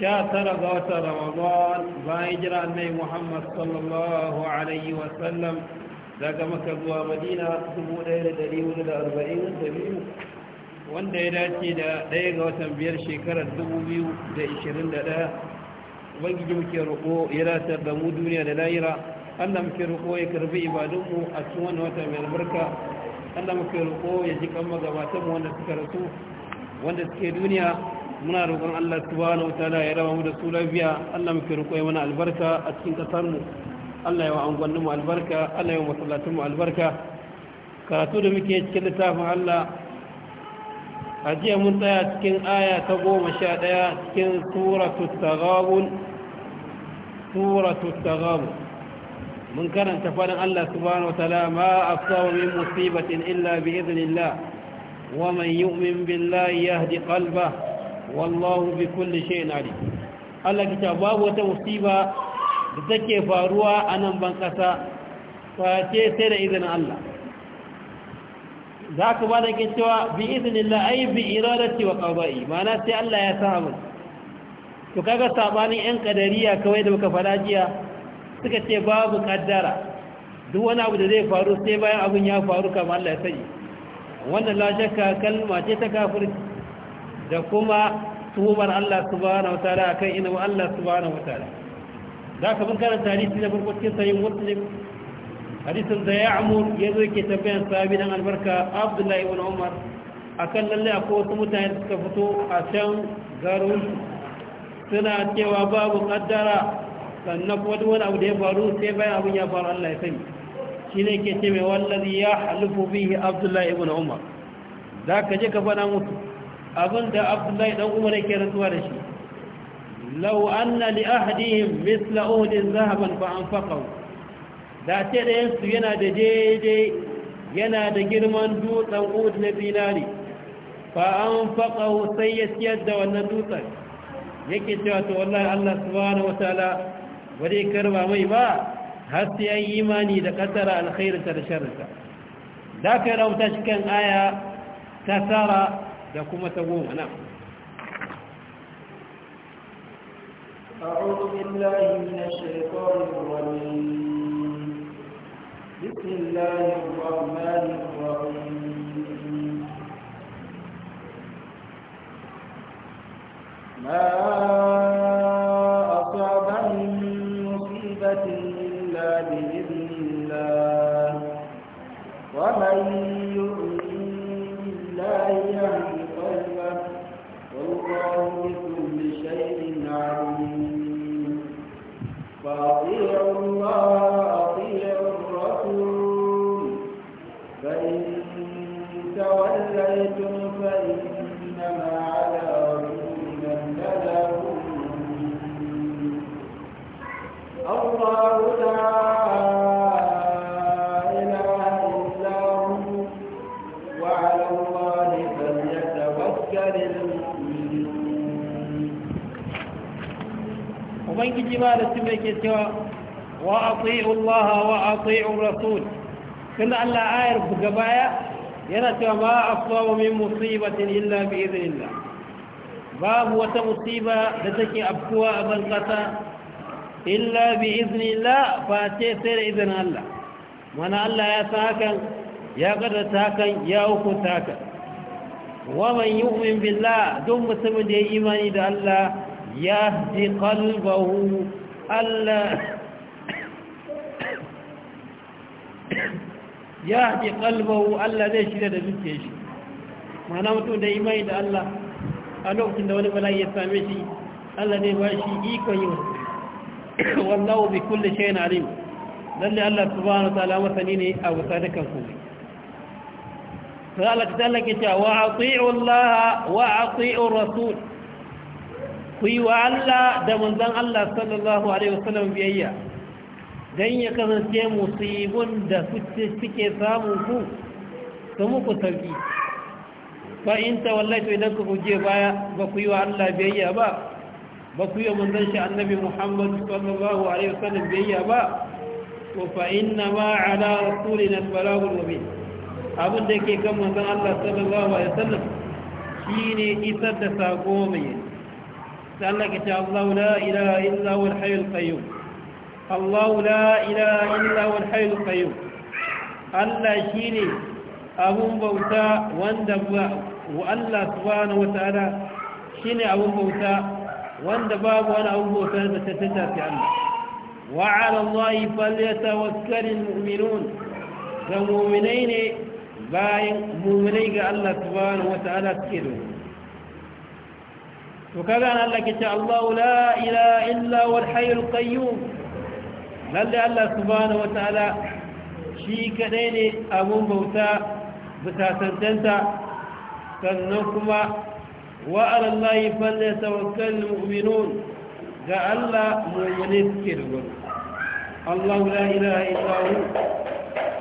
sha tara ga watan ramadan bayan jira annai muhammad sallallahu alaihi wasallam daga maka zuwa madina 1442 wanda ya dace da ɗaya ga watan biyar shekarar 2021 ubangiji muke roƙo ya ratar da mu duniya da lahira allah muke roƙo ya karbi ibadunmu a cikin wani wata mai albarka allah muke roƙo ya ji kan magabatanmu wanda suka rasu wanda suke duniya muna roƙon Allah subhanahu wa ta'ala ya raba mu da su lafiya Allah muke roƙo ya mana albarka a cikin kasar mu Allah ya wa angwannin mu albarka Allah ya wa masallatun mu albarka karatu da muke cikin littafin Allah a jiya mun tsaya cikin aya ta goma sha ɗaya cikin suratu tagabun suratu tagabun mun karanta faɗin Allah subhanahu wa ta'ala ma afsawa min musibatin illa bi idnillah wa man yu'min billahi yahdi qalbahu wallahu bi kulli shay'in ali Allah ta babu wata musiba da take faruwa a nan ban kasa face sai da izinin Allah za ka ba da cewa bi iznillah ai bi iradati wa qada'i ma'ana sai Allah ya sa mu to kaga sabanin yan kadariya kawai da muka fara jiya suka ce babu kaddara duk wani abu da zai faru sai bayan abun ya faru kamar Allah ya sani wannan la shakka kalma ce ta kafirci da kuma tuhumar Allah subhanahu wataala akan ilimin Allah subhanahu wataala za ka mun karanta hadisi na farko cikin sahih muslim hadisin da ya'mur yazo yake tambayan sahabi dan albarka Abdullahi ibn Umar akan lalle akwai wasu mutane da suka fito a can garin suna cewa babu kaddara sannan kuma duk wani abu da ya faru sai bayan abin ya faru Allah ya sani shi ne ke ce mai wallazi ya halifu bihi Abdullahi ibn Umar za ka je ka faɗa musu abin da abdullahi dan umar yake rantsuwa da shi law anna li ahadihim mithla uhdin zahaban fa anfaqahu da ce da yansu yana da daidai yana da girman dutsen uhud na Ba fa anfaqahu sai ya siyar da wannan dutsen yake cewa to wallahi Allah subhanahu wataala bare karba mai ba har sai an yi imani da kaddara alkhairinta da sharrinta da ka rauta cikin aya ta tara da kuma ta goma na أعوذ بالله من الشيطان الرجيم بسم الله الرحمن الرحيم ما yake cewa wa ati'u Allah wa ati'u rasul tunda Allah ayar buga baya yana cewa ma asaba min musibatin illa bi idhnillah babu wata musiba da take afkuwa a ban kasa illa bi idhnillah fa ce sai da idan Allah mana Allah ya san hakan ya ta hakan ya hukunta hakan wa man yu'min billah duk mutumin da ya imani da Allah yahdi qalbahu ألا ya haƙi ƙalbawo Allah zai shirya da zuciya shi mana mutum da imani da Allah a lokacin da wani bala'i ya same shi Allah zai ba shi ikon yi wallahu bi kulle shay'in alim lalle Allah subhanahu wa ta'ala masani ne a wasa da kanku sai Allah ta Allah ke cewa wa ati'u Allah wa ati'u rasul ku yi wa Allah da manzan Allah sallallahu Alaihi wasallam biyayya don ya kasance musibin da suke samun ku su muku sauki fa'in ta wallafi idan ku guje baya ba ku yi wa Allah biyayya ba ba ku yi wa manzan shi annabi Muhammad sallallahu Alaihi wasallam biyayya ba ko fa'in na ma ala rasuli na balagul wabi abin da ke kan manzan Allah sallallahu Alaihi wasallam shi ne isar da sako mai سألك الله لا إله إلا هو الحي القيوم الله لا إله إلا هو الحي القيوم الله شيني أبون بوتا واندبا والله سبحانه وتعالى شيني أبون بوتا واندباب وأنا أبون بوتا بتتتا في الله وعلى الله فليتوكل المؤمنون فمؤمنين باين مؤمنين الله سبحانه وتعالى تكيدون to kaga an Allah ke ce Allah la ilaha illa wal hayyul qayyum lalle Allah subhanahu wataala shi kadai ne abun bauta bisa tantanta sannan kuma wa ala Allah falyatawakkal mu'minun ga Allah mu'minin suke dogaro Allah la ilaha illa hu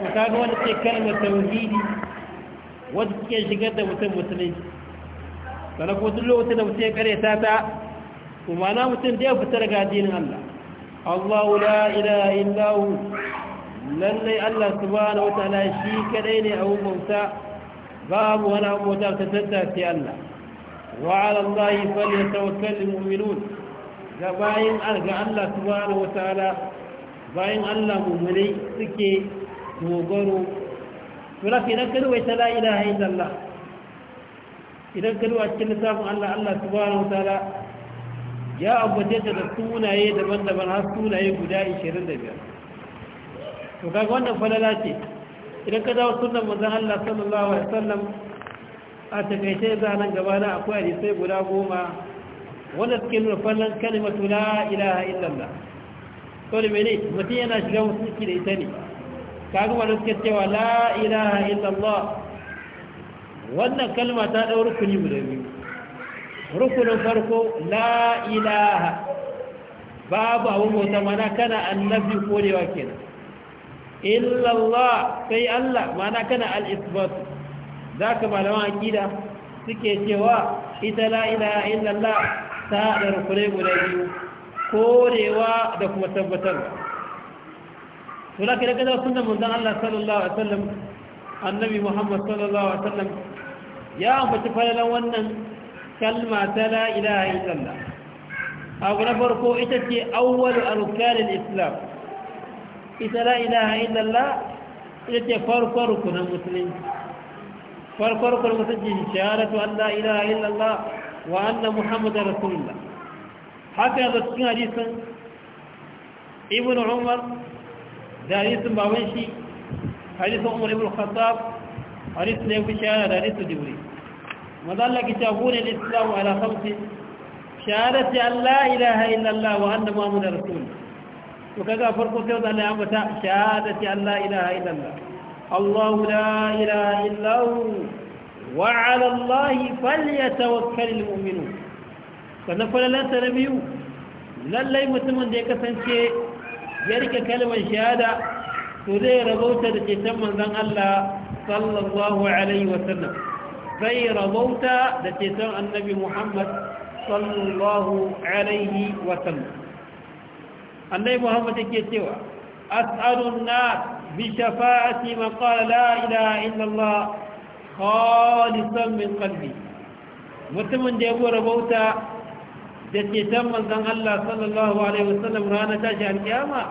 to kaga wannan ce kalmar tauhidi wadda ke shigar da mutum musulunci sannan kuma duk lokacin da mutum ya karyata ta to ma'ana mutum da ya fita daga addinin Allah Allahu la ilaha illa hu lallai Allah subhanahu wataala shi kadai ne abun bauta babu wani abun bauta ta tattara sai Allah wa ala Allah falyatawakkalul mu'minun ga bayin ga Allah subhanahu wataala bayan Allah mummunai suke dogaro. Tuna ke nan kalwai ta la'ila hain Allah, idan ka a cikin lissafin Allah Allah subhanahu wataala ya ambace ta da sunaye daban-daban har sunaye guda 25 to kaga wannan falala ce idan ka dawo sunan manzon Allah sallallahu alaihi wasallam a takaice zanen gaba da akwai hadisai guda goma wanda suke nuna fallan kalimatu la ilaha illallah to da mene mutum yana shiga ciki da ita ne kaga wanda suke cewa la ilaha illallah wannan kalma ta ɗau rukuni guda biyu rukunin farko la ilaha babu abin bauta mana kana annabi korewa kenan illallah sai Allah mana kana al za ka malaman akida suke cewa ita la ilaha illallah ta da rukunai guda biyu korewa da kuma tabbatarwa to da kada kada sunnan zan Allah sallallahu alaihi annabi Muhammad sallallahu alaihi wasallam ya ambaci falalan wannan kalma ta la ilaha illallah abu na farko ita ce awwalu arkanin islam ita la ilaha illallah ita ce farko rukunan musulunci farko rukunan musulunci shahadatu an la ilaha illallah wa anna muhammadar rasulullah haka yanzu cikin hadisin ibn umar da hadisin baban shi hadisin umar ibn khattab hadith ne fi shahara da hadith jibri maza Allah ki tabu ne islamu ala khamsi shahadati an la ilaha illallah wa anna muhammadar rasul to kaga farko sai Allah ya ambata shahadati an la ilaha illallah Allah la ilaha illahu wa ala Allah falyatawakkalul mu'minun kana falalan tarabiyu lallai mutumin da ya kasance ya rike kalmar shahada to zai da ceton manzon Allah sallallahu alaihi wasallam zai rabauta da ceton annabi muhammad sallallahu alaihi wasallam annabi muhammad yake cewa as'alun na bi shafa'ati man qala la ilaha illallah khalisan min qalbi mutumin da ya rabauta da ceton manzon Allah sallallahu alaihi wasallam ranar tashi alkiyama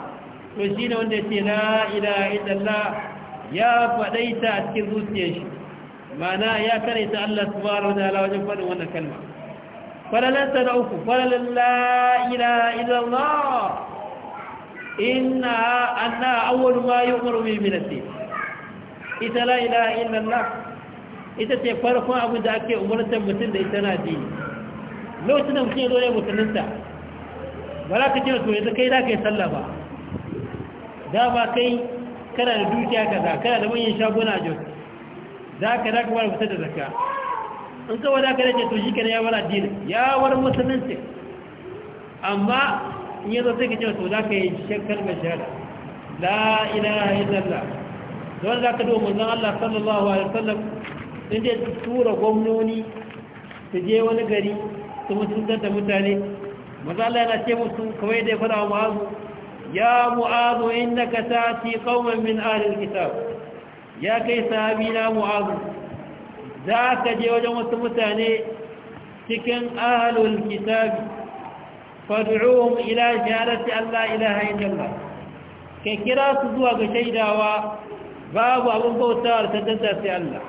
to shine wanda ya ce la ilaha illallah ya faɗaita a cikin zuciyar shi mana ya karaita Allah subhanahu wataala wajen faɗin wannan kalma ta na uku falalar la'ila illallah inna anna awwal ma yu'maru bi min as ita la'ila illallah ita ce farkon abin da ake umartar mutum da ita na ji lokacin da mutum ya zo ne musulunta ba za ka ce to yanzu kai za ka yi sallah ba da ba kai kana da dukiya kaza kana da manyan shaguna a jos za ka za ka fara fitar da zakka in kawai za ka dace to shi kana yawar addini yawar musulunci amma in yanzu sai ka ce to za ka yi shakkar mai shahada la ilaha illallah da za ka duba zan Allah sallallahu alaihi wasallam sun je tura gwamnoni su je wani gari su mutuntar da mutane maza Allah yana ce musu kawai dai ya fara wa ma'azu ya mu'azu innaka ta'ti qauman min ahli alkitab ya kai sahabi na mu'azu za ka je wajen wasu mutane cikin ahlul kitab fad'uhum ila shahadati alla ilaha illallah kai kira su zuwa ga shaidawa babu abin bautawar ta danta sai Allah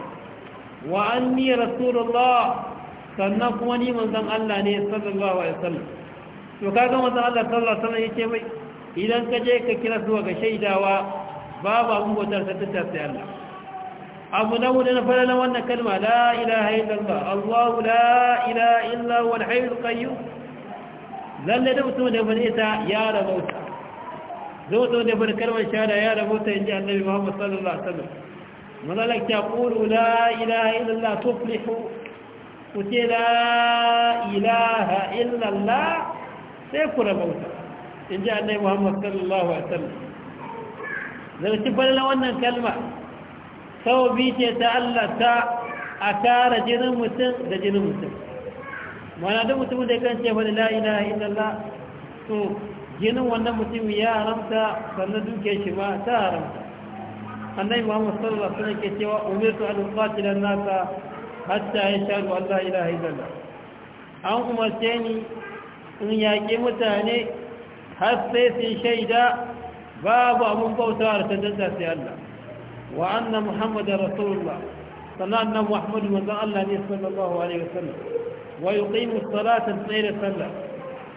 wa anni rasulullah sannan kuma ni manzon Allah ne sallallahu alaihi wasallam to kaga manzon Allah sallallahu alaihi wasallam yake mai idan ka je ka kira zuwa ga shaidawa babu abin bautar ta tattafi Allah abu na wuda na fara na wannan kalma la ilaha illallah allahu la ilaha illa wani hayyul qayyum lalle da mutum da bane ta ya rabauta zo zo da bar kalmar shahada ya rabauta inji annabi Muhammad sallallahu alaihi wasallam manalak ta qulu la ilaha illallah tuflihu ku ce la illallah sai ku rabauta in ji annai muhammad sallallahu alaihi wasallam zarci falla wannan kalma sau bi ce ta Allah ta a tara jinin mutum da jinin mutum mana duk mutumin da ya kan ce wani la'ina illallah to jinin wannan mutum ya haramta sannan duke shi ma ta haramta annai muhammad sallallahu alaihi wasallam ke cewa umirtu an qatila nasa hatta yashhadu an la ilaha illallah an umarce ni in yaƙi mutane har sai sun shaida babu abun bautawa da tantanta sai Allah wa anna muhammadar rasulullah sannan nan muhammadu manzon Allah ne sallallahu alaihi wasallam wa yuqimu salata tsayda sallah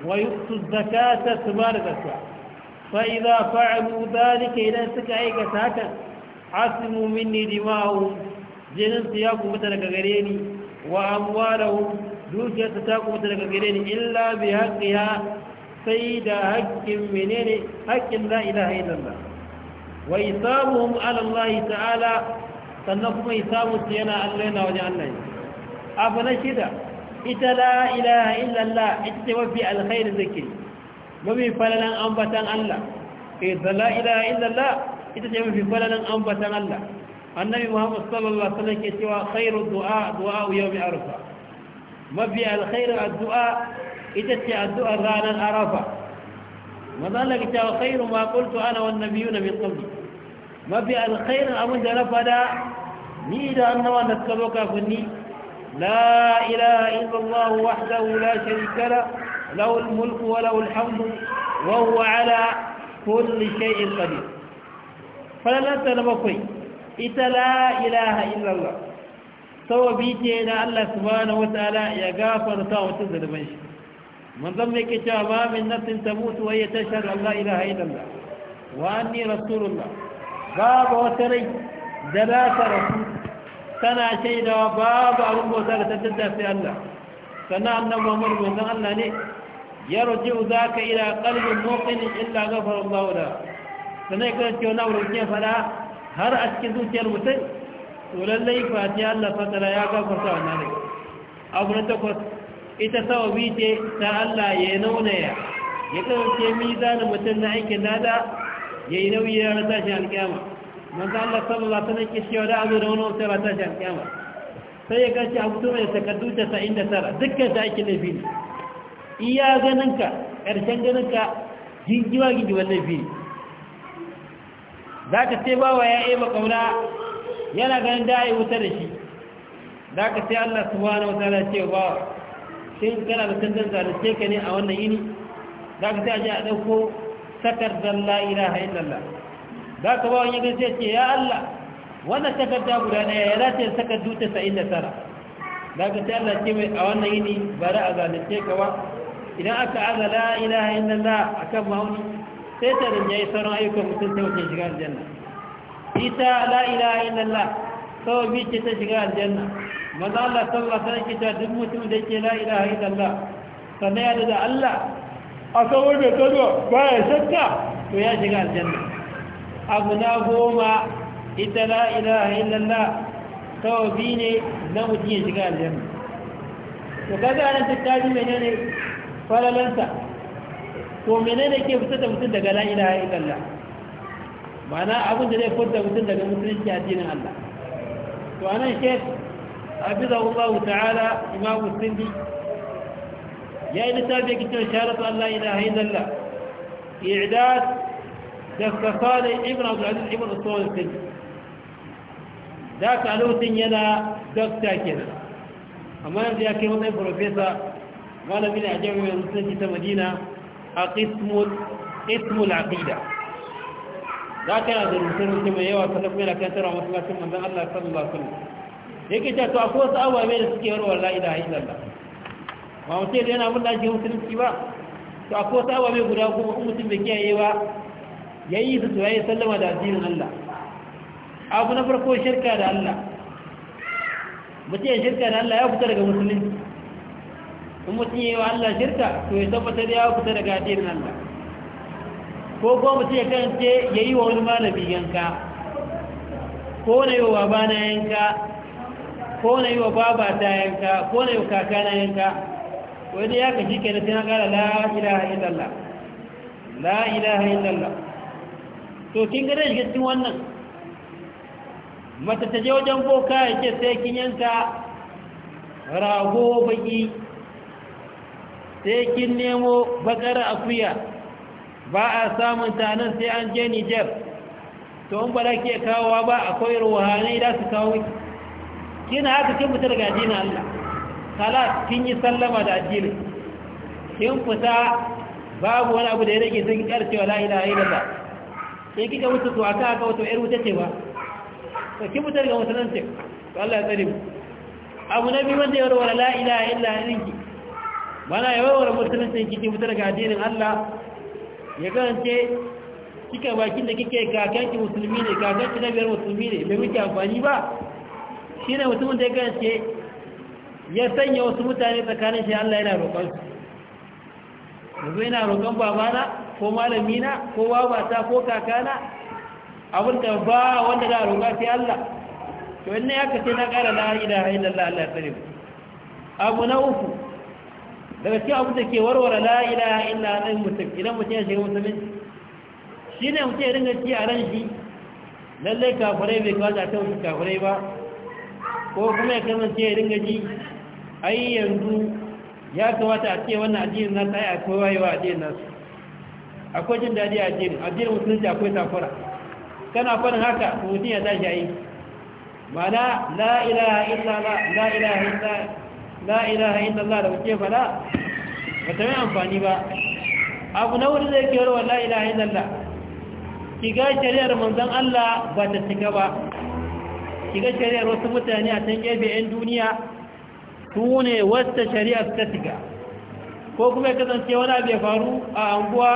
wa yuqtu zakata tumar zakka fa idza fa'alu dhalika idan suka aikata haka asimu minni dima'u jinin su ya kuma daga gare ni wa amwalahu dukiyarsa ta kuma daga gare ni illa bi haqqiha sai da haƙƙin menene haƙƙin la ilaha illallah wa isabuhum ala Allah ta'ala sannan kuma isabu su yana Allah yana wajen Allah ne abu na shida ita la ilaha illallah ita ce mafi alkhairin zikiri mafi falalan ambatan Allah eh da la ilaha illallah ita ce mafi falalan ambatan Allah annabi Muhammad sallallahu alaihi wasallam ke cewa khairu du'a du'a yawmi arfa mafi alkhairu addu'a ita ce addu'ar ranar arafa mazalar ta wa khairu ma qultu ana wan nabiyuna min qabli mafi alkhairun abin da na fada ni da annawa da suka zo kafin ni la ilaha illallah wahdahu la sharika la lahu almulku wa lahu alhamdu wa huwa ala kulli shay'in qadir falalata na bakwai ita la ilaha illallah sawabi ce na Allah subhanahu wa ta'ala ya gafarta wa tun zalimin shi manzon mai ke cewa ba min nafsin ta mutu wai ya tashar Allah ilaha illallah wa anni rasulullah babu wata rai da za ta rasu tana shaidawa babu abin bauta da ta sai Allah sannan annan Muhammad manzon Allah ne ya rujiu zaka ila qalbin muqinin illa ghafara Allah da sannan ka ce wannan wurin ke fada har a cikin zuciyar mutum to lallai fatiha Allah fatara ya gafarta wannan rai abu na takwas ita sababi ce ta Allah ya naunaya ya ɗauke mizanin mutum na aikin dada ya yi nauyi ya rata shi alƙyama manzo Allah saboda ba ta nake shi da abu da wani wata rata shi alƙyama sai ya kace a to mai takardu 99 dukkan ta aikin laifi ne iya ganinka ƙarshen ganinka jinjiwa ginjiwa laifi ne za ka ce bawa ya eba ƙauna yana ganin da ya wuta da shi za ka ce Allah subhanahu wa ta'ala ce wa sai kana da tantan zalunce ka ne a wannan yini za ka sai a ɗauko takardar la ilaha illallah za ka ba wani gaske ce ya Allah wannan takarda guda ɗaya ya dace takardu ta sa'in da tara za ka sai Allah ce mai a wannan yini bari a zalunce ka ba idan aka aza la ilaha illallah a kan mahauni sai ta yi sauran ayyukan mutum ta wace shiga aljanna ita la ilaha illallah sau biyu ce ta shiga aljanna maza Allah sallallahu alaihi wasallam duk mutum da ke la ilaha illallah sannan ya da Allah a kawar da tsaro baya shakka to ya shiga aljanna abu na goma ita la ilaha illallah tawabi ne na mutum ya shiga aljanna to kaga nan tattali menene falalansa to menene ke fitar da mutum daga la ilaha illallah ma'ana abin da zai fitar da mutum daga musulunci addinin Allah to anan shekh hafizahu Allah ta'ala imamu sindi ya yi littafi yake cewa sharatu Allah ilaha illallah i'dad da kasale ibn Abdul Aziz ibn Usul sindi da ka lokacin yana dokta kenan amma yanzu ya kai matsayin profesa malami ne a jami'ar musulunci ta madina a ismul aqida za ka yana da rubuce-rubuce mai yawa sannan kuma yana kantarwa masu lafin manzan allah ke ta to akwai wasu ababe da suke warwar la ilaha illallah ba mutum da yana mun lafi musulunci ba to akwai wasu ababe guda kuma kuma mutum bai kiyaye ba ya yi su to sallama da addinin Allah abu na farko shirka da Allah mutum ya shirka da Allah ya fita daga musulunci kuma mutum ya yi wa Allah shirka to ya tabbatar ya fita daga addinin Allah ko kuma mutum ya kance ya yi wa wani malami yanka ko na yi wa bana yanka ko na yi wa baba ta yanka ko na yi wa kaka na yanka wani ya ka shi ke sai na kara la ilaha illallah la ilaha illallah to kin gada shi cikin wannan mata ta je wajen boka ya ce sai kin yanka rago baki sai kin nemo bakar akuya ba a samun tanan sai an je Niger. to in ba da ke kawowa ba akwai ruhani da su kawo ki shi na haka kin fita daga addinin Allah salat kin yi sallama da addini kin fita babu wani abu da ya rage sai kikar cewa la ilaha illallah sai kika wuce to aka aka wato yar wuta ce ba to kin fita daga musulunci to Allah ya tsare mu abu na biyu wanda ya warware la ilaha illa ilinki bana ya warware musulunci kike fita daga addinin Allah ya kasance kika bakin da kike kakanki musulmi ne kakanki na biyar musulmi ne bai miki amfani ba shi ne mutumin da ya gaske ya sanya wasu mutane tsakanin shi Allah yana roƙon su yanzu yana roƙon babana ko malamina ko babata ko kakana abin da ba wanda a roƙa sai Allah to wannan ya kace na ƙara la ilaha illallah Allah ya tsare abu na uku daga cikin abu da ke warware la ilaha illallah mutum idan mutum ya shiga shi ne mutum ya dinga ci a ran shi lallai kafirai bai kawo da ta wuce kafirai ba ko kuma ya kasance ya ringa ji ai yanzu ya kamata a ce wannan addinin nasu ai yi wayewa addinin nasu akwai jin daɗi a addinin addinin musulunci akwai takura kana fara haka mutum ya tashi a yi mana la ilaha illallah la ilaha illallah la ilaha da kuke faɗa ba ta yi amfani ba abu na wuri zai kero wa la ilaha illallah shiga shari'ar manzon Allah ba ta cika ba shiga shari'ar wasu mutane a can gefe 'yan duniya su ne wasta shari'ar ta shiga ko kuma ya kasance wani abu ya faru a anguwa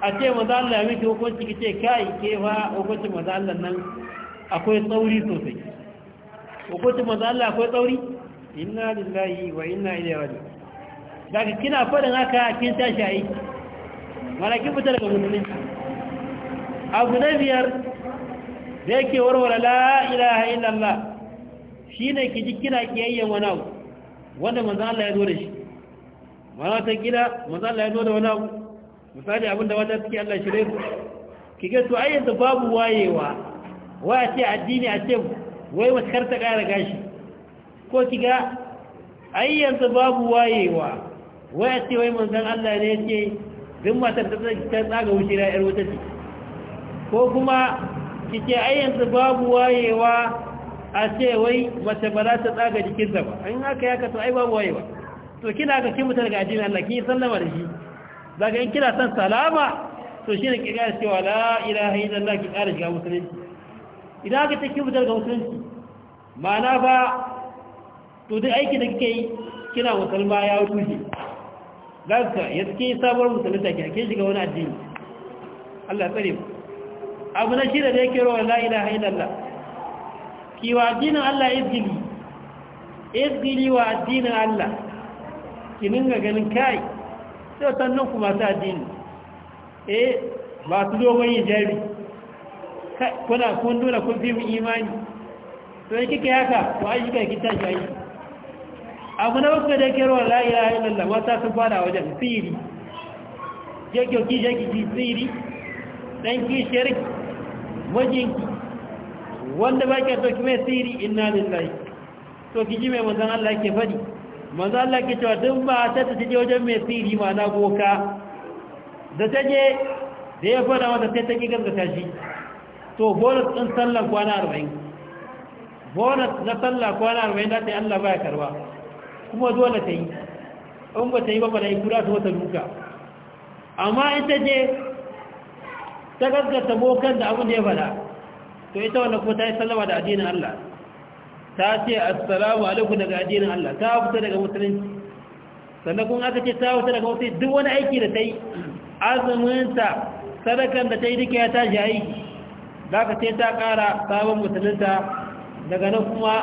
a ce maza Allah ya miki hukunci ki ce kai ke fa hukuncin maza Allah nan akwai tsauri sosai hukuncin maza Allah akwai tsauri inna lillahi wa inna ilaihi raji'un daga kina fadin haka kin tashi aiki malakin fitar daga musulunci abu na biyar da yake warware la ilaha illallah shine ki ji kina kiyayyen wani abu wanda manzo Allah ya zo da shi mana ta gida manzo Allah ya zo da wani abu misali abinda wata suke Allah shirye su ki ga to ayyanzu babu wayewa waya ce addini a ce wai wata karta ta gashi ko ki ga ayyanzu babu wayewa waya ce wai manzon Allah ne yake duk matar ta tsaga wuce da yar wuta ce ko kuma kike ai yanzu babu wayewa a ce wai mace ba za ta tsaga jikinta ba an haka ya kato ai babu wayewa to kina ga kin mutar ga addinin Allah kin sallama da shi daga in kina san salama to shi ne ga cewa la ilaha illallah ki kara shiga musulunci idan ka take mutar ga musulunci ma'ana ba to duk aiki da kike yi kina musulma ya wuce zaka yadda ke sabuwar musulunta ki ake shiga wani addini Allah ya tsare mu abu na shida da yake rowa la lalla. Ki wa addinin Allah izgili izgili wa addinin Allah ki dinga ganin kai sai sannan ku masu addini eh ba su yin jari kuna kun nuna kun fi mu imani to yi kika yaka ko an kika ki tashi shayi abu na bakwai da yake rowa la ilaha lalla, wata sun fada wajen siri yake ki je ki tsiri, dan ki shirki majinki wanda ba ke so ki mai siri inna lillahi to ki ji mai manzan Allah ke faɗi manzan Allah ke cewa duk ba ta ta je wajen mai siri ma na goka da ta je da ya faɗa mata sai ta ki ta shi to bonus ɗin sallan kwana arba'in bonus na sallah kwana arba'in da ta yi Allah ba ya karba kuma dole ta yi in ba ta yi ba ba da ikura su wata duka amma ita je ta gaggata bokan da abin da ya fada to ita wanda ko ta yi sallama da addinin Allah ta ce assalamu alaikum daga addinin Allah ta fita daga musulunci sannan kun aka ce ta fita daga musulunci duk wani aiki da ta yi Azumin ta sadakan da ta yi duka ya tashi aiki za ka ce ta kara sabon musulunta daga nan kuma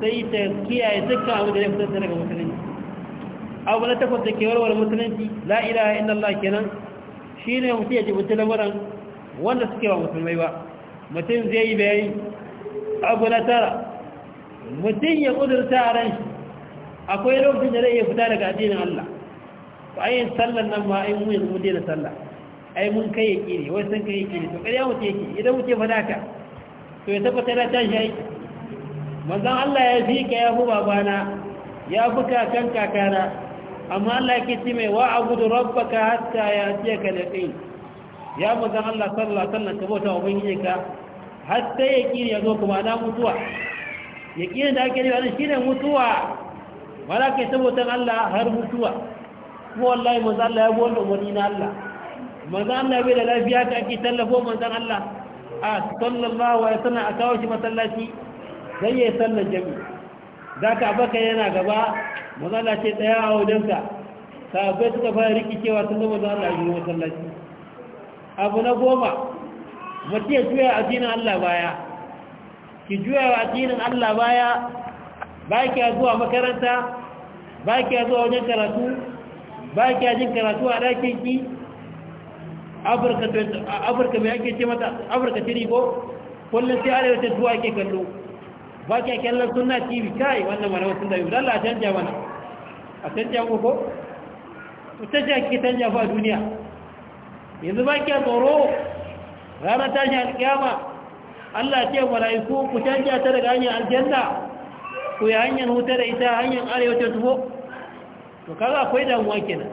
sai ta kiyaye dukkan abin da ya fita daga musulunci abu na takwas da ke warware musulunci la ilaha illallah kenan shine mutum ya jibuta lamarin wanda suke ba musulmai ba mutum zai yi bayani abu na tara mutum ya kudurta a ran akwai lokacin da zai iya fita daga addinin Allah to ayin sallan nan ma ayin mun mun daina sallah ai mun kai ƙi ne wai sun kai ƙi ne to kariya mutum yake idan mutum ya fada ka to ya tabbata da ta shi manzon Allah ya fi ka ya fi babana ya fi kakan kakana amma Allah yake ce mai wa Rabba rabbaka hatta ya atiyaka yaqin ya mazan Allah sallallahu alaihi wasallam ka bauta wa ka? har sai kiri ya zo kuma na mutuwa kiri da ake shi ne mutuwa malaka ya saboda Allah har mutuwa kuma wallahi mazan Allah ya bi wannan na Allah manzan Allah bai da lafiya ka ake tallafo mazan Allah a sallallahu alaihi wasallam a kawo shi masallaci dan yayi sallar jami'i zaka baka yana gaba manzan Allah ce tsaya a wajenka sabai suka fara rikicewa sun zama manzan Allah ya yi masallaci abu na goma mace ya juya a addinin Allah baya ki juya a addinin Allah baya ba ki zuwa makaranta ba ki zuwa wajen karatu ba ki jin karatu a ɗakin ki afirka mai ake ce mata afirka tiri ko kullum sai arewa ta zuwa ke kallo ba ki kallon suna tv kai wannan malawa wasu da yi wadanda a canja mana a canja mu ko ta ce ake canja a duniya yanzu ba ke tsoro ranar tashi alƙiyama Allah ce mala'iku ku canja ta daga hanyar aljanna ku yi hanyar huta da ita hanyar arewacin tuho to kaga akwai damuwa kenan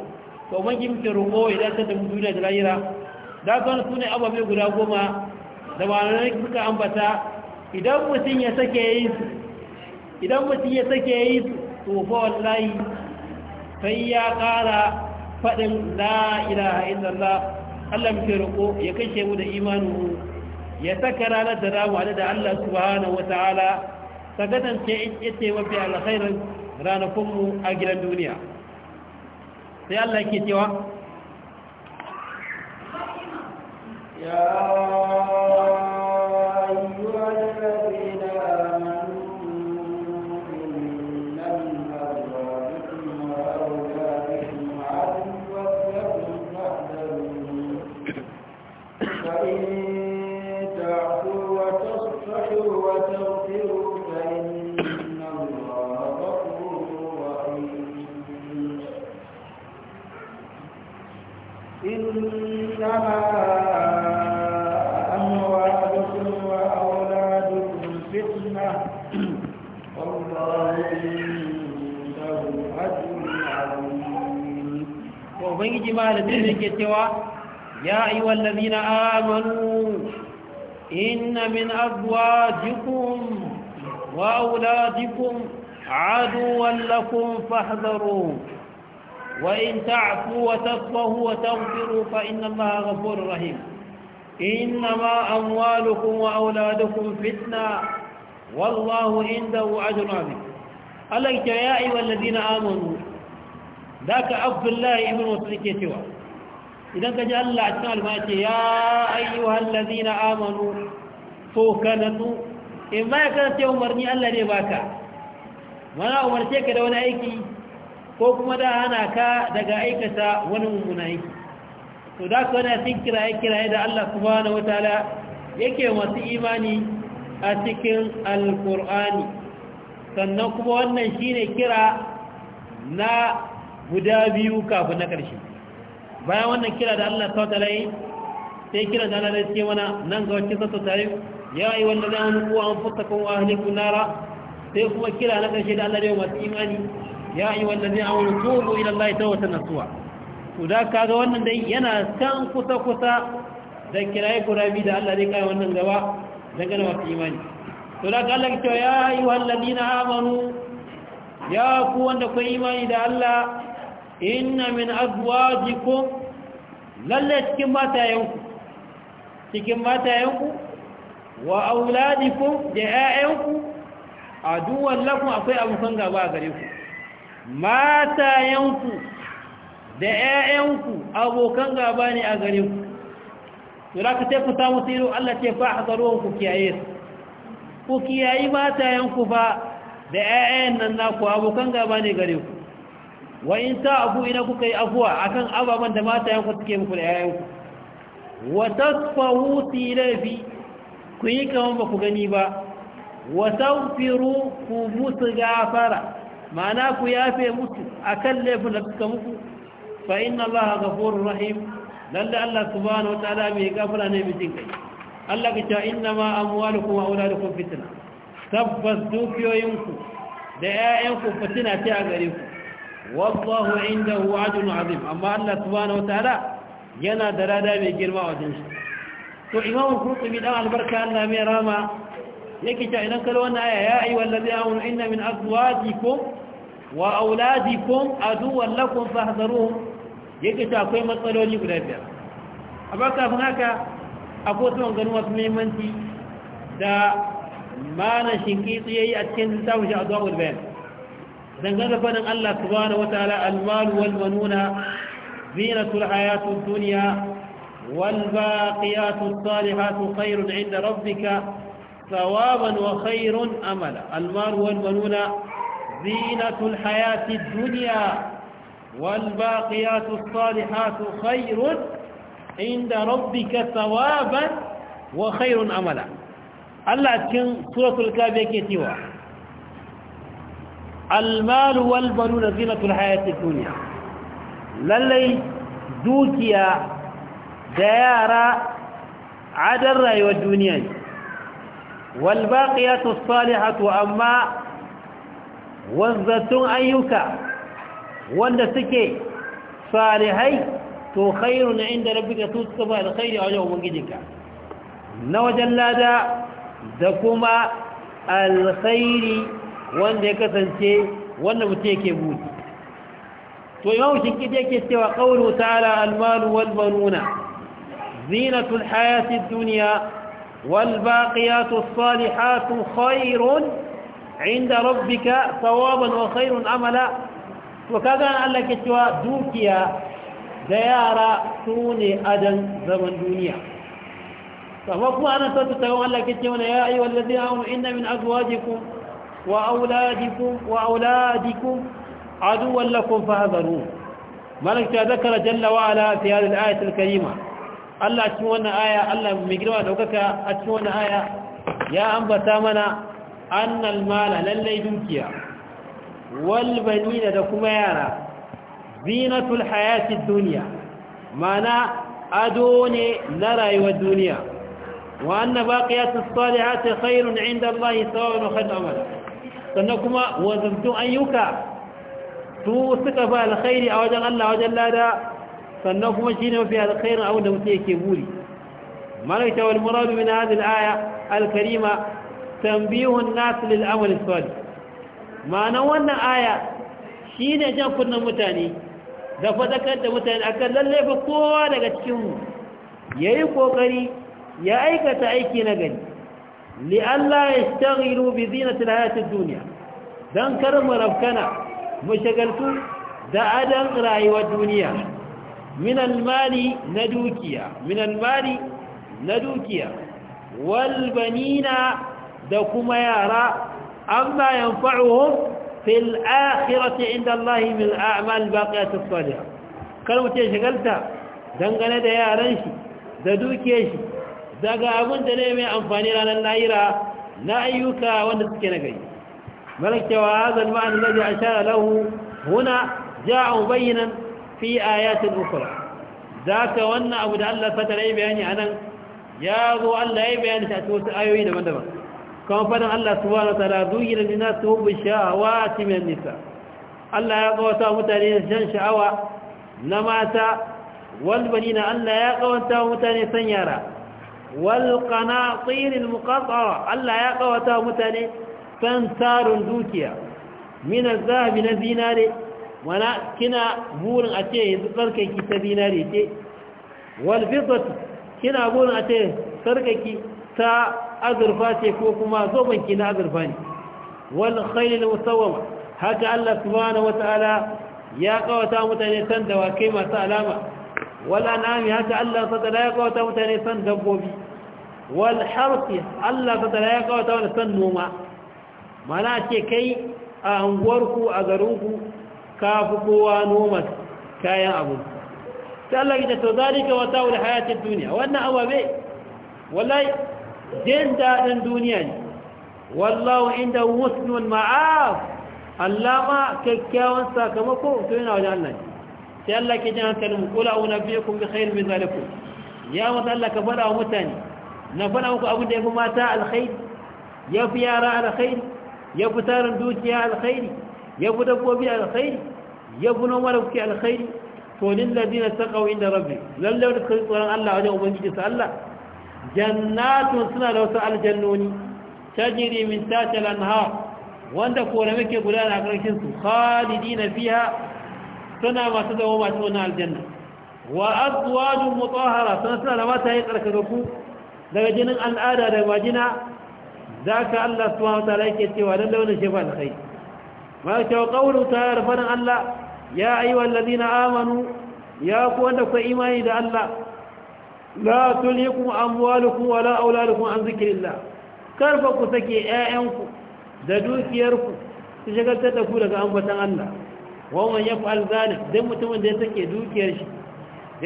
to ban ki muke rumo idan ta tafi duniya da lahira da kan su ne ababe guda goma da ba malamai suka ambata idan mutum ya sake yi su idan mutum ya sake yi su to fa wallahi sai ya kara faɗin la ilaha illallah Allah muke roƙo ya kashe mu da mu ya saka ranar da zamu a da Allah subhanahu wata'ala ta kasance ita mafi alkhairin ranakunmu a gidan duniya sai Allah ke cewa ya shi ma da sai yake cewa ya ayyuhal ladina amanu inna min azwajikum wa auladikum aduwwan lakum fahdharu wa in ta'fu wa tasfahu wa taghfiru fa inna allaha ghafurur rahim إنما أموالكم وأولادكم فتنة والله عنده أجر عظيم الله يا أيها الذين آمنوا Za ka abdullahi ibn wasu ke cewa idan ka ji allah cikin almace ya ayyuhan na amanu to ka natsu in ba ya kasance umarni allah ne baka mana umarce ka da wani aiki ko kuma da hana ka daga aikata wani mummuna aiki to za ka wani cikin kiraye-kiraye da allah subhanahu wa ta'ala yake masu imani a cikin alkur'ani sannan kuma wannan shine kira na guda biyu kafin na ƙarshe bayan wannan kira da Allah sauta lai sai kira da Allah suke mana nan ga wacce sassa tare ya yi wanda za a kuwa an fusta kan wa halikun nara sai kuma kira na ƙarshe da Allah da yau masu imani ya yi wanda zai an wani tobo idan Allah ya ta wata nasuwa to da ka ga wannan dai yana kan kusa kusa da kiraye guda biyu da Allah zai kai wannan gaba dangane masu imani to da ka Allah ya yi wanda zai na amanu ya ku wanda kun imani da Allah inna min azwajikum lalle cikin matayenku cikin matayenku wa auladikum da ƴaƴanku aduwan lakum akwai abokan gaba a gare ku matayenku da ƴaƴanku abokan gaba ne a gare ku to da ka tafi samu sirrin Allah ce ba a hazaruwan ku kiyaye su ku kiyayi matayenku ba da ƴaƴan nan naku abokan gaba ne gare ku wa in ta abu ina kuka yi abuwa kan ababen da mata yanku suke muku da yayanku wa fahu tilafi ku yi kaman ba ku gani ba wa tawfiru ku musu gafara ma'ana ku yafe musu akan laifin da suka muku fa inna Allah furu rahim lalle Allah subhanahu wata ala mai gafara ne mai jinkai Allah ka ce inna ma amwalukum wa auladukum fitina. tabbas dukiyoyinku da 'ya'yanku fitina ce a gare ku wallahu huwa ajrun azim amma Allah subhanahu wataala yana da rada mai girma a wajen shi to imam al-qurtubi dan albarka Allah mai rama yake ta idan kallo wannan aya ya ayyuhal ladina amanu inna min azwajikum wa auladikum aduwwan lakum fahdharuhum yake ta akwai matsaloli guda biyar amma kafin haka akwai wasu ganin wasu muhimmanci da malan shinkitsi yayi a cikin littafin shi a zuwa bayan dangane da faɗin Allah subhanahu wa ta'ala almalu wal manuna zinatul hayatud dunya wal baqiyatus salihatu khairun 'inda rabbika thawaban wa amala al-malu ثوابا وخير أملا المال والبنون زينة الحياة الدنيا والباقيات 'inda rabbika thawaban wa ثوابا amala Allah cikin suratul سورة الكابية cewa المال والبنون زينة الحياة الدنيا للي دوكيا ديارة عدى الرأي والدنيا والباقيات الصالحة أما وزتون أيك واندسكي صالحي to khairun inda rabbika tusaba alkhairi a wajen ubangijinka na wajen lada da kuma alkhairi wanda ya kasance wanda mutum yake buɗi to yau shinkiti yake cewa ƙauru ta'ala almalu wal banuna zinatul hayati duniya walbaƙiyatu salihatu khairun inda rabbika thawaban wa khairun amala to kaga Allah ke cewa dukiya da yara su ne adan zaman duniya amma kuma ana sautu ta Allah ke cewa ya ayyuhal ladina amanu inna min azwajikum وأولادكم, وأولادكم عدوا لكم فهذروه ملك ذكر جل وعلا في هذه الآية الكريمة الله أتمنى آية الله مجرمة دوكك أتمنى آية يا أنبتا منا أن المال للي دوكيا والبنين دكما يارا زينة الحياة الدنيا معنى أدوني نرى والدنيا وأن باقيات الصالحات خير عند الله سواء وخير أملا sannan kuma wazantun ayyuka su suka ba alkhairi a wajen Allah wajen lada sannan kuma shi ne mafi alkhairin abin da yake buri malaka wal muradu min hadhihi al-aya al-karima tanbihu an-nas lil amal salih ma'anan wannan aya shine jan kunnan mutane da fadakar da mutane akan lalle fa kowa daga cikin mu yayi kokari ya aikata aiki na gani li'alla yashtaghilu bi zinatil hayatid duniya? dan kar mu rafkana mu shagaltu da adon rayuwar duniya Minan mali na dukiya min almali na dukiya da kuma yara amma yanfa'uhum fil akhirati inda Allah min al'amal baqiyatus salihah kar mu shagalta dangane da yaran shi da dukiyar shi daga abin da ne mai amfani ranar lahira na ayyuka wanda suke na gari malakcewa hazan ma'an lalje a shara lahu huna ja'u bayyanan fi ayatin ukura za ka wannan abu da allah fata na yi bayani a nan ya zo allah ya bayani ta wasu ayoyi daban-daban kan fadin allah su wani tara zuyi da nina su hubu sha'awa cimiyar nisa allah ya kawata mutane shan sha'awa na mata walbani na allah ya kawanta mutane san yara walƙana tsirin muƙasara Allah ya ƙawata mutane san tarin dukiya mina zahabi na zinare mana kina burin a ce yanzu tsarkaki ta zinare ce walfisat kina burin a ce tsarkaki ta azurfa ce ko kuma zobanki na azurfa ne walkhailin musawama haka Allah subhanahu wata'ala ya ƙawata mutane san dawakai masu alama wala nami haka Allah sadala ya ƙawata mutane san dabbobi wal harfi Allah ta tara ya kawata wani san noma mana ce kai a unguwarku a garinku ka fi kowa noma kayan abu sai Allah ya to zalika wa ta'ul hayatid duniya wannan ababe wallahi jin dadin duniya ne wallahu inda husnul ma'af Allah ma kyakkyawan sakamako to yana wajen Allah sai Allah ke jin hankalin kula unabbiyakum bi khairin min zalikum ya wata Allah ka faɗa wa mutane na faɗa muku abin da ya fi mata alkhairi ya fi yara alkhairi ya fi tarin dukiya alkhairi ya fi dabbobi alkhairi ya fi noma da kuke alkhairi to ta taqaw da rabbi Lallai wanda suka tsoron Allah wajen ubangiji su Allah jannatun suna da wasu aljannoni tajri min tahtiha al-anhar wanda kore muke gudana a karkashin su na fiha suna masu zama masu wannan aljanna wa azwajun mutahhara suna suna da mata yi daga jinin al'ada da majina za ka Allah suwa wata yake cewa don launin shi ba da kai ma cewa ƙaunin ta yar Allah ya yi wallazi na amanu ya ku wanda kwa imani da Allah la tulikum amwalukum wala auladukum an zikirillah karfa ku sake 'ya'yanku da dukiyarku su shagaltar da ku daga ambatan Allah wa ya fi zalik don mutumin da ya sake dukiyar shi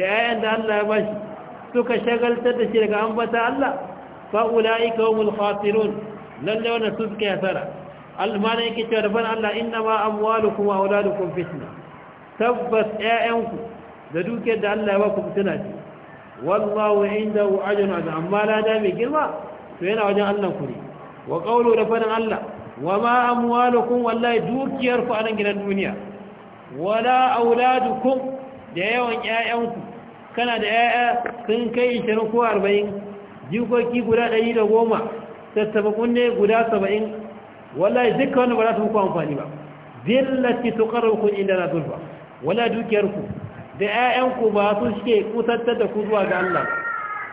da yayan da Allah ya bashi suka shagaltar da shi daga ambata Allah fa'ula'ika humul khasirun lalle wannan su suka yasara almana yake cewa da bana Allah inna ma kuma wa kun fitna tabbas 'ya'yanku da dukiyar da Allah ya ba ku fitna ce wallahu indahu ajrun azim amma lada mai girma to yana wajen Allah ku ne wa qawlu da Allah wa ma amwalukum wallahi dukiyar ku a nan gidan duniya wala auladukum da yawan 'ya'yanku. kana da yaya sun kai 20 ko 40 jikoki guda ɗari goma tattaba kunne guda saba'in wallahi dukkan wanda ba za su muku amfani ba zillati tuqarrukum indana zulfa wala dukiyarku da 'ya'yanku ba su suke kusantar da ku zuwa ga Allah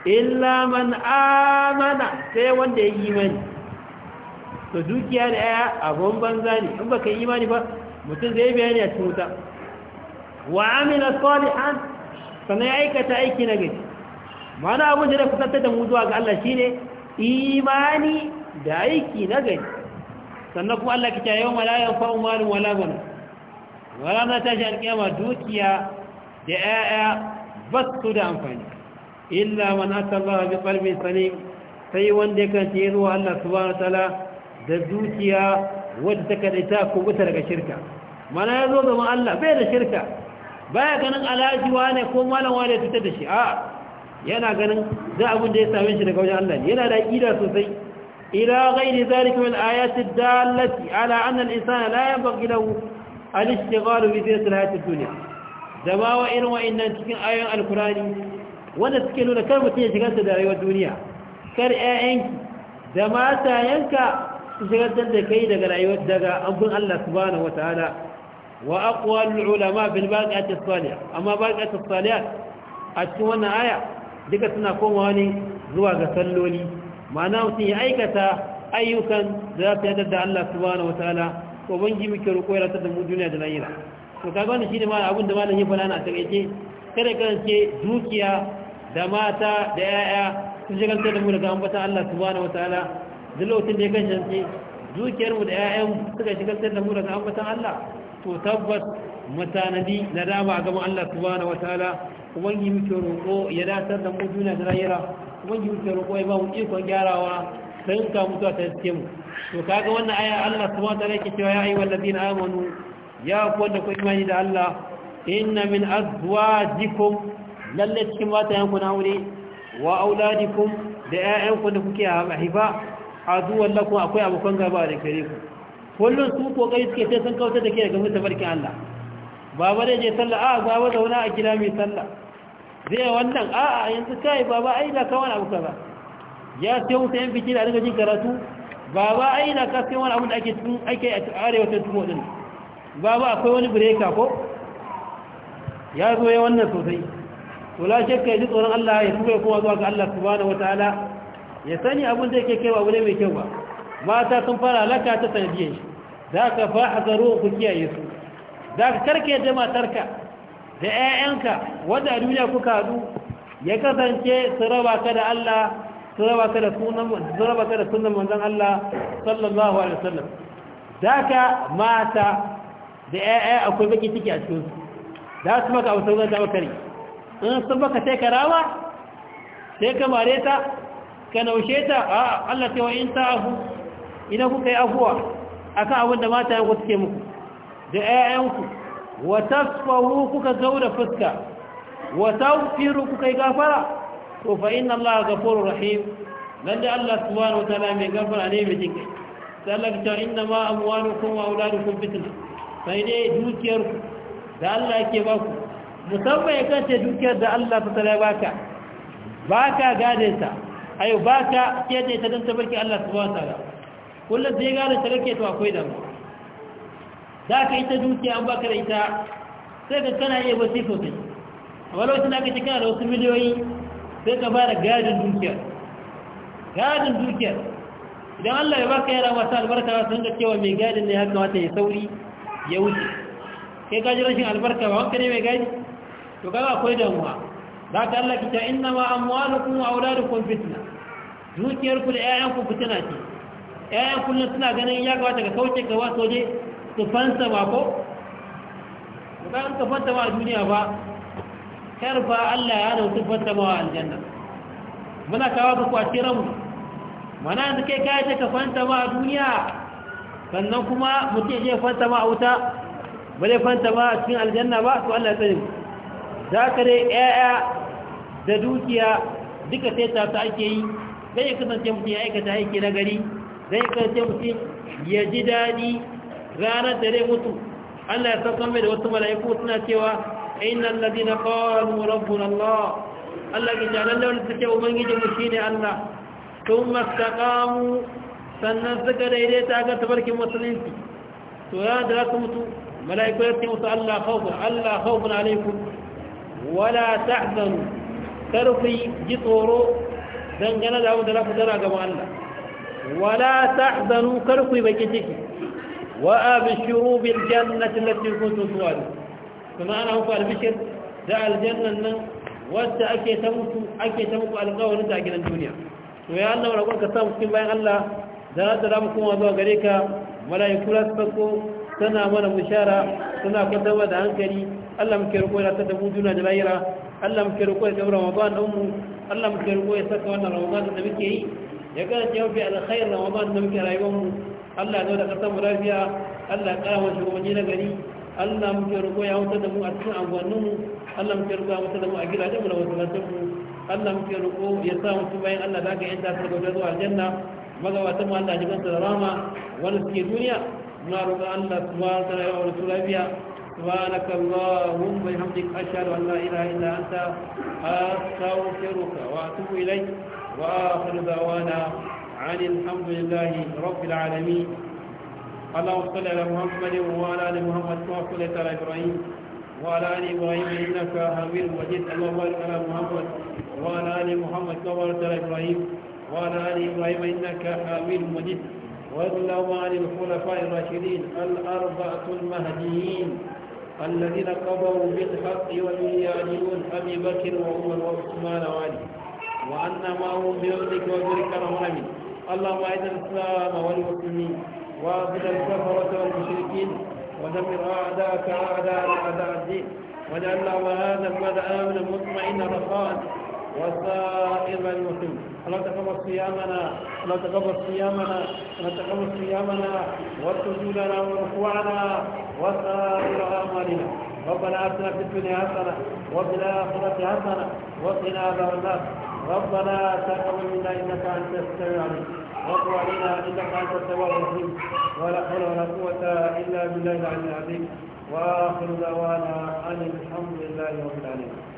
illa man amana sai wanda ya yi imani to dukiya da 'ya'ya abun banza ne in baka yi imani ba mutum zai bayani a cikin wuta wa amila salihan sannan ya aikata aiki na gari mana abin da kusantar da mu zuwa ga Allah shi ne imani da aiki na gari sannan kuma Allah kita yau malayan fa'un malin wala bana wala na tashi alƙiyama dukiya da yaya ba su da amfani illa man asallahu bi qalbin sani sai wanda ya kanta ya zuwa Allah na tala da zuciya wadda ta kaɗaita ko wuta daga shirka mana ya zo zama Allah bai da shirka baya ganin alhaji wane ko malam wane fitar da shi a yana ganin za abin da ya same shi daga wajen Allah ne yana da aqida sosai ila ghairi zalika min ayati dallati ala anna al-insana la yanbaghi lahu al-ishtighal bi zinatil hayati dunya da ba wa irin wa'annan cikin ayoyin alkurani wanda suke nuna kar mutum ya shigar da rayuwar duniya kar ƴaƴanki da mata yanka su shigar da kai daga rayuwar daga abun Allah subhanahu wataala وأقوى العلماء بالباقيات الصالحة أما باقيات الصالحات أتكونا آية ديك سنة قواني زواج سلولي معناه تيه أيكتا أيكا ذات يدد الله سبحانه وتعالى وبنجي مكي ركوية لتدمو دنيا دلائرة وكابان شيني ما أبون دمالا يفلانا فلانا kada kasance dukiya da mata da yaya sun shigantar da mu daga ambatan Allah subhanahu wataala duk lokacin da ya kasance dukiyarmu da yayan suka shigantar da mu daga ambatan Allah to tabbas mutanadi na dama a gaban Allah subhanahu wataala ubangi muke roƙo ya datar da mu duniya da rayuwa ubangi muke roƙo ya ba mu ikon gyarawa sai ka mutuwa ta ce mu to kaga wannan aya Allah subhanahu wataala yake cewa ya ayyuhal ladina amanu ya ku wanda ku imani da Allah inna min azwajikum lalle cikin matayen ku na aure wa auladikum da ƴaƴanku da kuke haifa azuwan lakum akwai abokan gaba da kare ku kullum su kokari suke sai sun kautar da ke daga mutu barkin Allah baba dai je sallah a baba zauna a gida mai sallah zai wannan a a yanzu kai baba ai da ka wani abu kaza ya sai wuta yan biki da daga jin karatu baba ai da ka sai wani abu da ake tun ake a arewa ta tumo din baba akwai wani breaker ko ya zo ya wannan sosai to la shakka ya ji tsoron Allah ya kuma ya kuma zuwa ga Allah subhanahu wataala ya sani abin da yake kai ba abu mai kyau ba mata sun fara laka ta sanadiyar shi za ka fahazaro ku kiyaye su za ka karke da matarka da 'ya'yanka wanda a duniya kuka haɗu ya kasance su raba ka da Allah su raba ka da sunan manzan Allah sallallahu alaihi wasallam za ka mata da 'ya'ya akwai baki ciki a cikinsu za su maka a wasu zama kare. in sun baka sai ka rama sai ka mare ta ka naushe ta a Allah ta wa'in ta Ina kuka yi afuwa A kan abin da mata yanku suke muku da 'ya'yanku Wata tasfahu kuka gauda fuska wa tawfiru kuka yi gafara to fa inna Allah ghafurur rahim Nan da Allah subhanahu wa wata mai gafara ne mai jinkai sai Allah ya ce inna ma amwalukum wa auladukum fitna sai dai dukiyar da Allah yake ba ku musamman ya kace dukiyar da Allah ta tsara baka baka gadin ta ayo baka kiyata ta dan tabarki Allah subhanahu wa ta'ala kullum sai gane ta kake to akwai damuwa za ka ita dukiya an baka da ita sai ka kana iya wasu sosai a wani wasu naka cikin da wasu miliyoyi sai ka fara gadin dukiyar gadin dukiyar idan allah ya baka yara masu albarka wasu hanga cewa mai gadin ne ya kamata ya sauri ya wuce kai ka ji rashin albarka ba wanka ne mai gadi to kaga akwai damuwa za ka allah kita inna ma kuma a auladukum fitna dukiyarku da 'ya'yanku fitina ce ƴaƴan eh, kullum suna ganin ya gawa daga kauce ka wasu waje su fansa ba ko bayan ka fata ma a duniya ba kar ba Allah ya rautu fata ma a aljanna muna kawo ka kwace ranmu mana yanzu kai kayi ta ka fanta ma a duniya sannan kuma mutum je fanta ma a wuta ba zai fanta ma a cikin aljanna ba to Allah ya tsare za ka dai ƴaƴa da dukiya duka sai ta ake yi zai kasance mutum ya aikata aiki na gari zai kasance mutum ya ji daɗi ranar da zai mutu Allah ya saukan mai da wasu mala'iku suna cewa innan ladina qalu rabbuna Allah Allah ke jalan da wanda suke ubangiji mu ne Allah tun kuma istaqamu sannan suka ta ga tabarkin musulunci to ya da su mutu mala'iku ya ce musu Allah khawfun Allah khawfun alaikum wala tahzanu tarfi ji tsoro dangane da abu da za ku zara gaban Allah wala tahzanu kar ku baki ciki wa abshiru bil jannati allati kuntum tu'adun kuma ana muku albishir da aljannan nan wacce ake ta mutu ake ta muku alƙawarin ta gidan duniya to ya Allah wa rabbaka sa cikin bayan Allah da za ta mu kuma zuwa gare ka mala'iku la tsako tana mana bushara tana kwatarwa da hankali Allah muke roƙo ya ta mu juna da lahira Allah muke roƙo ya daura Ramadan mu Allah muke roƙo ya saka wannan Ramadan da muke yi ya kasance mafi alkhair ramadan da muke rayuwarmu allah ya zo da kasar mu lafiya allah ya kara wa shugabanni na gari allah muke roƙo ya wutar da mu a cikin anguwanninmu allah muke roƙo ya wutar da mu a gidajenmu da wasu allah muke roƙo ya sa mutum bayan allah da aka yanta su daga zuwa aljanna magabatan mu allah ya jikansa da rama wanda suke duniya muna roƙon allah su ba ta rayuwa wani su lafiya سبحانك اللهم وبحمدك أشهد أن لا إله إلا أنت أستغفرك وأتوب إليك وآخر دعوانا عن الحمد لله رب العالمين اللهم صل على محمد وعلى آل محمد كما صليت على إبراهيم وعلى آل إبراهيم إنك حميد مجيد اللهم بارك على محمد وعلى آل محمد كما باركت على إبراهيم وعلى آل إبراهيم إنك حميد مجيد وارض اللهم عن الخلفاء الراشدين الأربعة المهديين الذين قضوا بالحق والذين أبي بكر وعمر وعثمان وعلي وعنا ما هم بيرضك وجرك رحمي اللهم اعز الاسلام والمسلمين واغفر الكفرة والمشركين ودمر اعداءك اعداء اعداء الدين واجعل اللهم هذا البلد امنا مطمئنا رخاء وسائر المسلمين اللهم تقبل صيامنا اللهم تقبل صيامنا اللهم تقبل صيامنا وسجودنا وركوعنا وسائر اعمالنا ربنا اتنا في الدنيا حسنه وفي الاخره حسنه وقنا عذاب النار ربنا تقبل منا انك انت السميع العليم واقوى علينا انك انت التواب الرحيم ولا حول ولا قوه الا بالله العلي العظيم واخر دعوانا ان الحمد لله رب العالمين